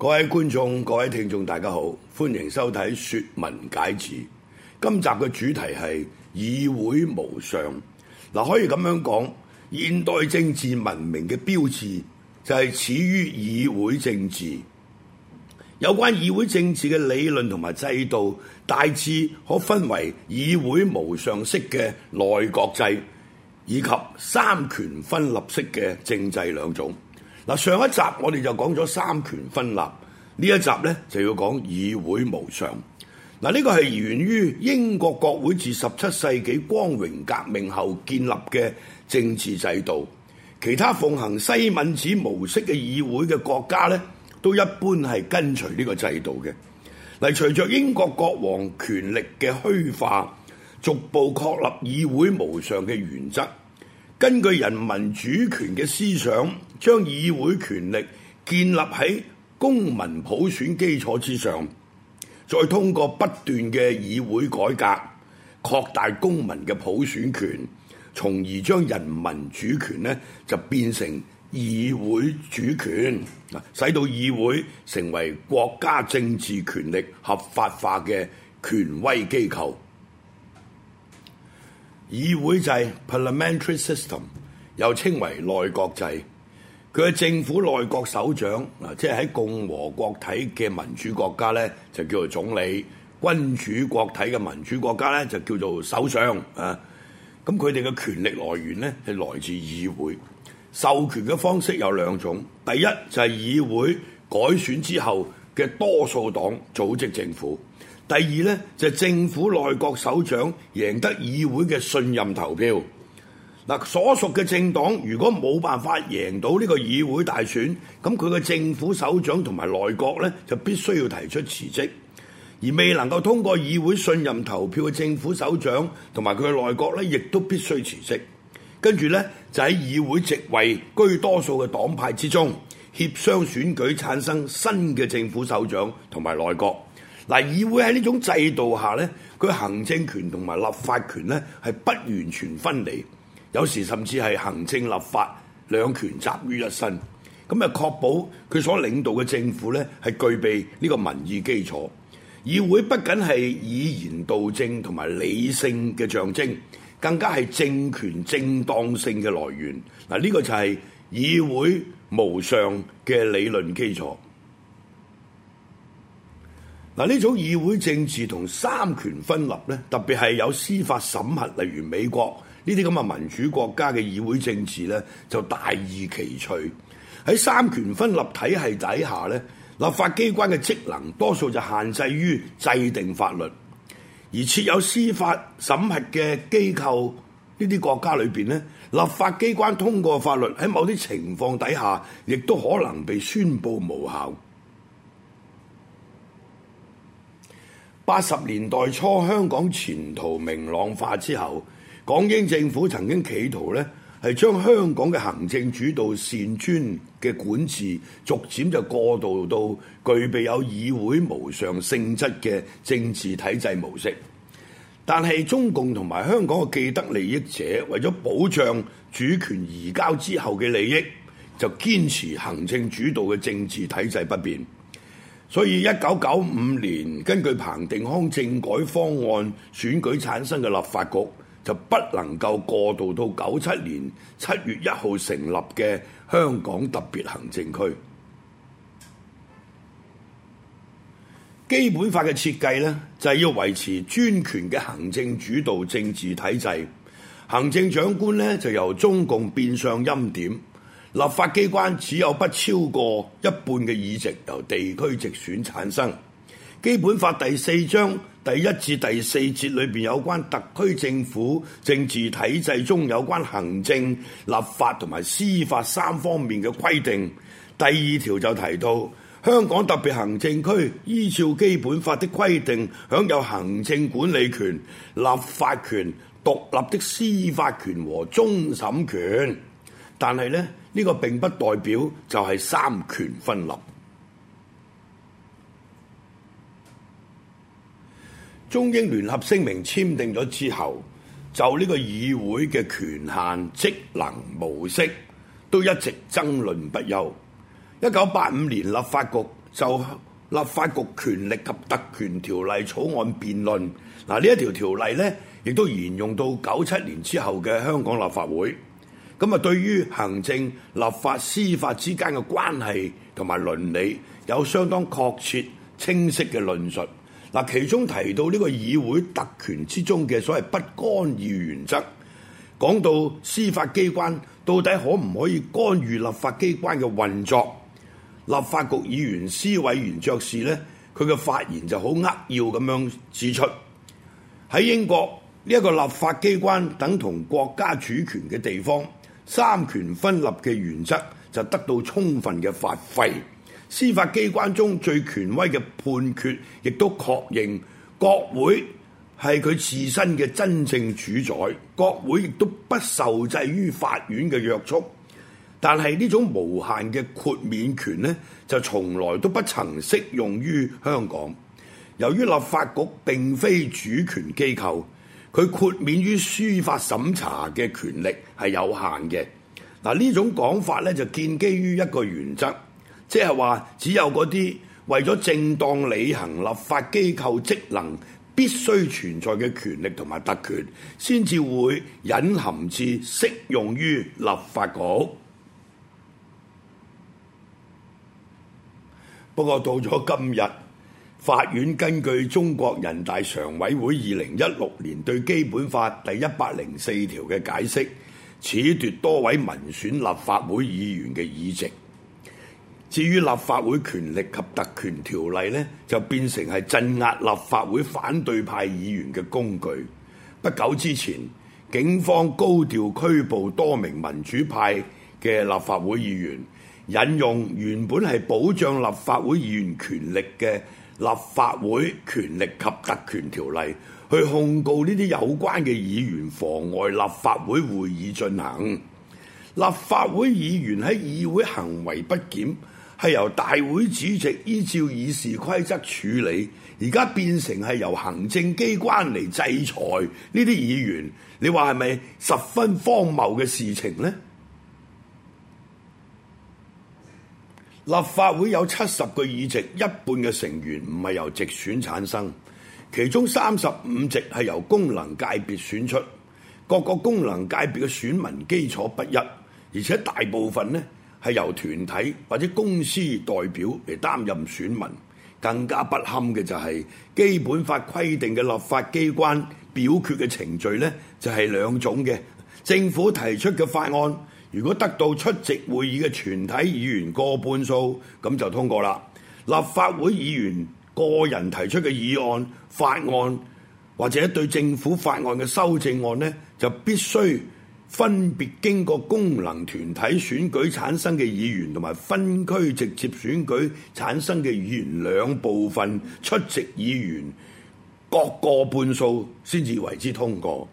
各位觀眾、各位聽眾，大家好，歡迎收睇《説文解字》。今集嘅主題係議會無上啊。可以咁樣講，現代政治文明嘅標誌就係始於議會政治。有關議會政治嘅理論同埋制度，大致可分為議會無上式嘅內閣制，以及三權分立式嘅政制兩種。嗱，上一集我哋就講咗三權分立，呢一集咧就要講「議會無上」。嗱，呢個係源於英國國會自十七世紀光榮革命後建立嘅政治制度，其他奉行西敏寺模式嘅議會嘅國家咧，都一般係跟隨呢個制度嘅。嗱，隨着英國國王權力嘅虛化，逐步確立「議會無上」嘅原則。根據人民主權嘅思想，將議會權力建立喺公民普選基礎之上，再通過不斷嘅議會改革，擴大公民嘅普選權，從而將人民主權呢就變成議會主權，使到議會成為國家政治權力合法化嘅權威機構。議會制 (parliamentary system) 又稱為內閣制，佢嘅政府內閣首長，嗱即係喺共和國體嘅民主國家咧，就叫做總理；君主國體嘅民主國家咧，就叫做首相。啊，咁佢哋嘅權力來源咧係來自議會，授權嘅方式有兩種，第一就係、是、議會改選之後嘅多數黨組織政府。第二咧就係政府內閣首長贏得議會嘅信任投票。嗱，所屬嘅政黨如果冇辦法贏到呢個議會大選，咁佢嘅政府首長同埋內閣咧就必須要提出辭職。而未能夠通過議會信任投票嘅政府首長同埋佢嘅內閣咧，亦都必須辭職。跟住咧就喺議會席位居多數嘅黨派之中協商選舉，產生新嘅政府首長同埋內閣。嗱，議會喺呢種制度下咧，佢行政權同埋立法權咧係不完全分離，有時甚至係行政立法兩權集於一身，咁啊確保佢所領導嘅政府咧係具備呢個民意基礎。議會不僅係以言道政同埋理性嘅象徵，更加係政權正當性嘅來源。嗱，呢個就係議會無上嘅理論基礎。嗱，呢種議會政治同三權分立咧，特別係有司法審核，例如美國呢啲咁嘅民主國家嘅議會政治咧，就大異其趣。喺三權分立體系底下咧，立法機關嘅職能多數就限制於制定法律，而設有司法審核嘅機構呢啲國家裏邊咧，立法機關通過法律喺某啲情況底下，亦都可能被宣布無效。八十年代初，香港前途明朗化之後，港英政府曾經企圖呢，係將香港嘅行政主導擅專嘅管治，逐漸就過渡到具備有議會無上性質嘅政治體制模式。但係中共同埋香港嘅既得利益者，為咗保障主權移交之後嘅利益，就堅持行政主導嘅政治體制不變。所以一九九五年根據彭定康政改方案選舉產生嘅立法局就不能夠過渡到九七年七月一號成立嘅香港特別行政區。基本法嘅設計呢，就係要維持專權嘅行政主導政治體制，行政長官呢，就由中共變相欽點。立法機關只有不超過一半嘅議席由地區直選產生，《基本法》第四章第一至第四節裏邊有關特區政府政治體制中有關行政、立法同埋司法三方面嘅規定。第二條就提到，香港特別行政區依照《基本法》的規定，享有行政管理權、立法權、獨立的司法權和終審權。但係咧，呢個並不代表就係三權分立。中英聯合聲明簽訂咗之後，就呢個議會嘅權限、職能、模式都一直爭論不休。一九八五年立法局就立法局權力及特權條例草案辯論，嗱呢一條條例呢亦都沿用到九七年之後嘅香港立法會。咁啊，對於行政、立法、司法之間嘅關係同埋倫理，有相當確切清晰嘅論述。嗱，其中提到呢個議會特權之中嘅所謂不干預原則，講到司法機關到底可唔可以干預立法機關嘅運作？立法局議員司委員爵士呢，佢嘅發言就好扼要咁樣指出：喺英國呢一個立法機關等同國家主權嘅地方。三權分立嘅原則就得到充分嘅發揮，司法機關中最權威嘅判決，亦都確認國會係佢自身嘅真正主宰，國會亦都不受制於法院嘅約束。但係呢種無限嘅豁免權呢，就從來都不曾適用於香港。由於立法局並非主權機構。佢豁免於司法審查嘅權力係有限嘅。嗱，呢種講法咧就建基於一個原則，即係話只有嗰啲為咗正當履行立法機構職能必須存在嘅權力同埋特權，先至會隱含至適用於立法局。不過到咗今日。法院根據中國人大常委會二零一六年對基本法第一百零四條嘅解釋，褫奪多位民選立法會議員嘅議席。至於立法會權力及特權條例呢，就變成係鎮壓立法會反對派議員嘅工具。不久之前，警方高調拘捕多名民主派嘅立法會議員，引用原本係保障立法會議員權力嘅立法會權力及特權條例去控告呢啲有關嘅議員妨礙立法會會議進行，立法會議員喺議會行為不檢，係由大會主席依照議事規則處理，而家變成係由行政機關嚟制裁呢啲議員，你話係咪十分荒謬嘅事情呢？立法會有七十個議席，一半嘅成員唔係由直選產生，其中三十五席係由功能界別選出。各個功能界別嘅選民基礎不一，而且大部分呢係由團體或者公司代表嚟擔任選民。更加不堪嘅就係《基本法》規定嘅立法機關表決嘅程序呢，就係兩種嘅政府提出嘅法案。如果得到出席會議嘅全體議員過半數，咁就通過啦。立法會議員個人提出嘅議案、法案或者對政府法案嘅修正案呢，就必須分別經過功能團體選舉產生嘅議員同埋分區直接選舉產生嘅議員兩部分出席議員各過半數先至為之通過。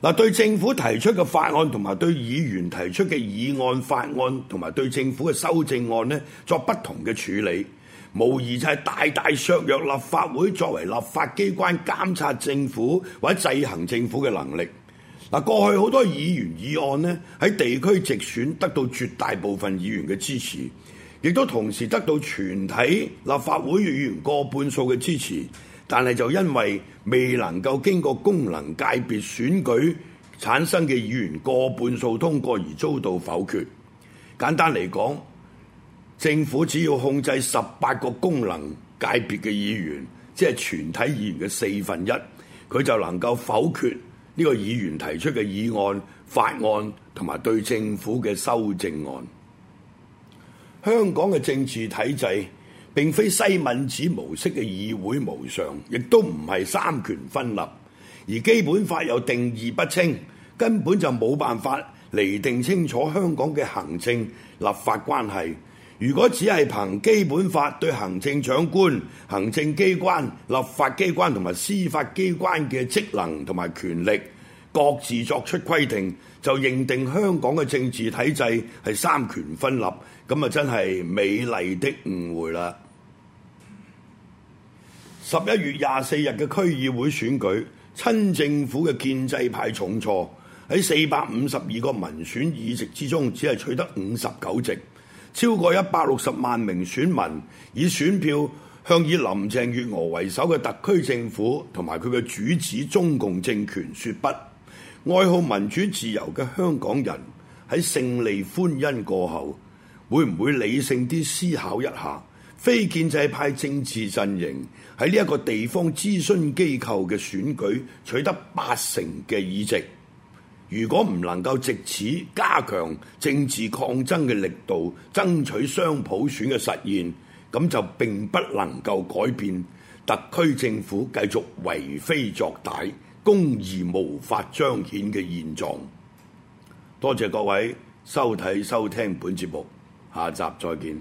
嗱，對政府提出嘅法案同埋對議員提出嘅議案、法案同埋對政府嘅修正案咧，作不同嘅處理，無疑就係大大削弱立法會作為立法機關監察政府或者制衡政府嘅能力。嗱，過去好多議員議案咧，喺地區直選得到絕大部分議員嘅支持，亦都同時得到全體立法會議員過半數嘅支持。但係就因為未能夠經過功能界別選舉產生嘅議員過半數通過而遭到否決。簡單嚟講，政府只要控制十八個功能界別嘅議員，即係全體議員嘅四分一，佢就能夠否決呢個議員提出嘅議案、法案同埋對政府嘅修正案。香港嘅政治體制，並非西敏寺模式嘅議會無上，亦都唔係三權分立，而基本法又定義不清，根本就冇辦法釐定清楚香港嘅行政立法關係。如果只係憑基本法對行政長官、行政機關、立法機關同埋司法機關嘅職能同埋權力各自作出規定，就認定香港嘅政治體制係三權分立，咁啊真係美麗的誤會啦！十一月廿四日嘅區議會選舉，親政府嘅建制派重挫，喺四百五十二個民選議席之中，只係取得五十九席，超過一百六十萬名選民以選票向以林鄭月娥為首嘅特區政府同埋佢嘅主子中共政權說不。愛好民主自由嘅香港人喺勝利歡欣過後，會唔會理性啲思考一下？非建制派政治陣營喺呢一個地方諮詢機構嘅選舉取得八成嘅議席，如果唔能夠藉此加強政治抗爭嘅力度，爭取雙普選嘅實現，咁就並不能夠改變特區政府繼續為非作歹、公義無法彰顯嘅現狀。多謝各位收睇收聽本節目，下集再見。